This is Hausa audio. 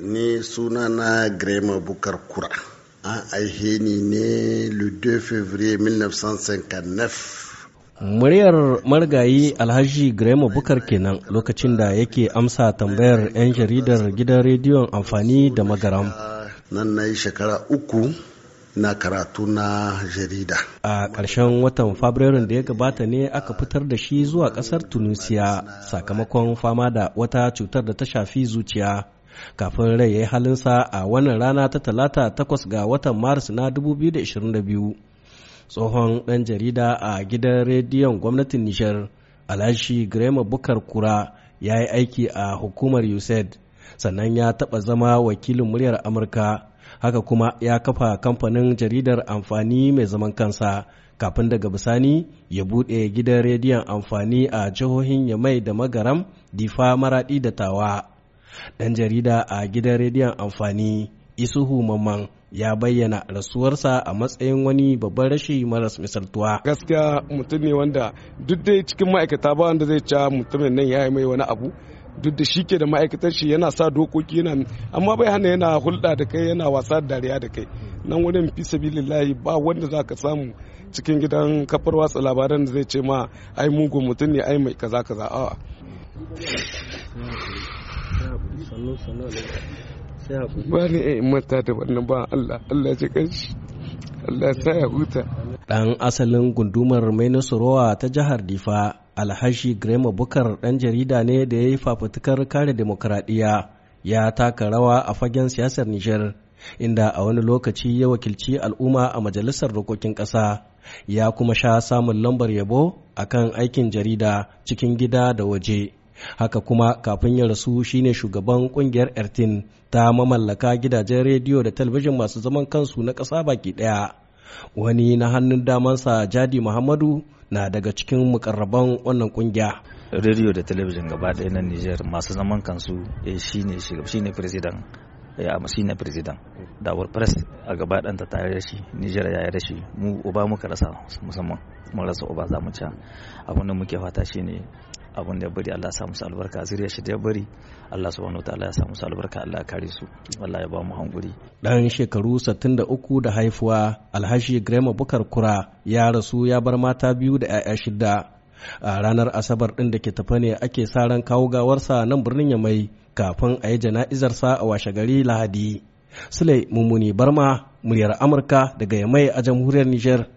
ni suna na grema bukar kura an aihe ni ne le 2 fevrier 1959 muryar margayi alhaji grema bukar kenan lokacin da yake amsa tambayar 'yan jaridar gidan rediyon amfani da magaram nan na yi shekara uku na karatu na jarida. A ƙarshen watan Fabrairun da ya gabata ne aka fitar da shi zuwa ƙasar Tunisia sakamakon fama da wata cutar da ta shafi zuciya. kafin rai ya yi halinsa a wannan rana ta talata takwas ga watan maris na 2022 tsohon ɗan jarida a gidan rediyon gwamnatin nishar alashi grema bukar kura ya yi aiki a hukumar usaid sannan ya taɓa zama wakilin muryar amurka haka kuma ya kafa kamfanin jaridar amfani mai zaman kansa kafin daga bisani ya buɗe gidan rediyon amfani a jihohin yamai da magaram difa maraɗi da tawa Ɗan jarida a gidan rediyon amfani Isuhu Mamman ya bayyana rasuwarsa a matsayin wani babban rashi maras misaltuwa. Gaskiya mutum ne wanda duk dai cikin ma'aikata ba wanda zai ca mutumin nan ya yi mai wani abu duk da shi ke da ma'aikatar shi yana sa dokoki yana amma bai hana yana hulɗa da kai yana wasa da dariya da kai nan wurin fi sabilillahi ba wanda za ka samu cikin gidan kafar watsa labaran da zai ce ma ai mugun mutum ne ai mai kaza kaza Ɗan dan asalin gundumar mai nasarowa ta jihar Difa Alhaji Grema Bukar dan jarida ne da ya yi fafutukar kare demokradiyya ya taka rawa a fagen siyasar Nijar inda a wani lokaci ya wakilci al'umma a majalisar dokokin ƙasa ya kuma sha samun lambar yabo akan aikin jarida cikin gida da waje haka kuma kafin ya rasu shine shugaban kungiyar ertin ta mamallaka gidajen rediyo da talabijin masu zaman kansu na kasa baki ɗaya wani na hannun damansa jadi muhammadu na daga cikin mukarraban wannan kungiya rediyo da talabijin gaba ɗaya na niger masu zaman kansu eh, shine shine president ya masu na a gaba ɗanta tare da shi niger ya yi rashi mu uba muka rasa musamman mun rasa uba za mu ci abin muke fata shine abin da ya bari Allah ya sa musu albarka zuriya shi da ya bari Allah subhanahu wataala ya sa musu albarka Allah ya su Allah ya ba mu hanguri dan shekaru 63 da haifuwa Alhaji Grema Bukar Kura ya rasu ya bar mata biyu da 'ya'ya shida a ranar asabar ɗin da ke tafa ne ake sa ran kawo gawarsa nan birnin yamai kafin a yi jana'izarsa a washe gari lahadi sule mummuni barma muryar amurka daga yamai a jamhuriyar Nijar.